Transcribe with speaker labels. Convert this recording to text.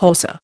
Speaker 1: Hosa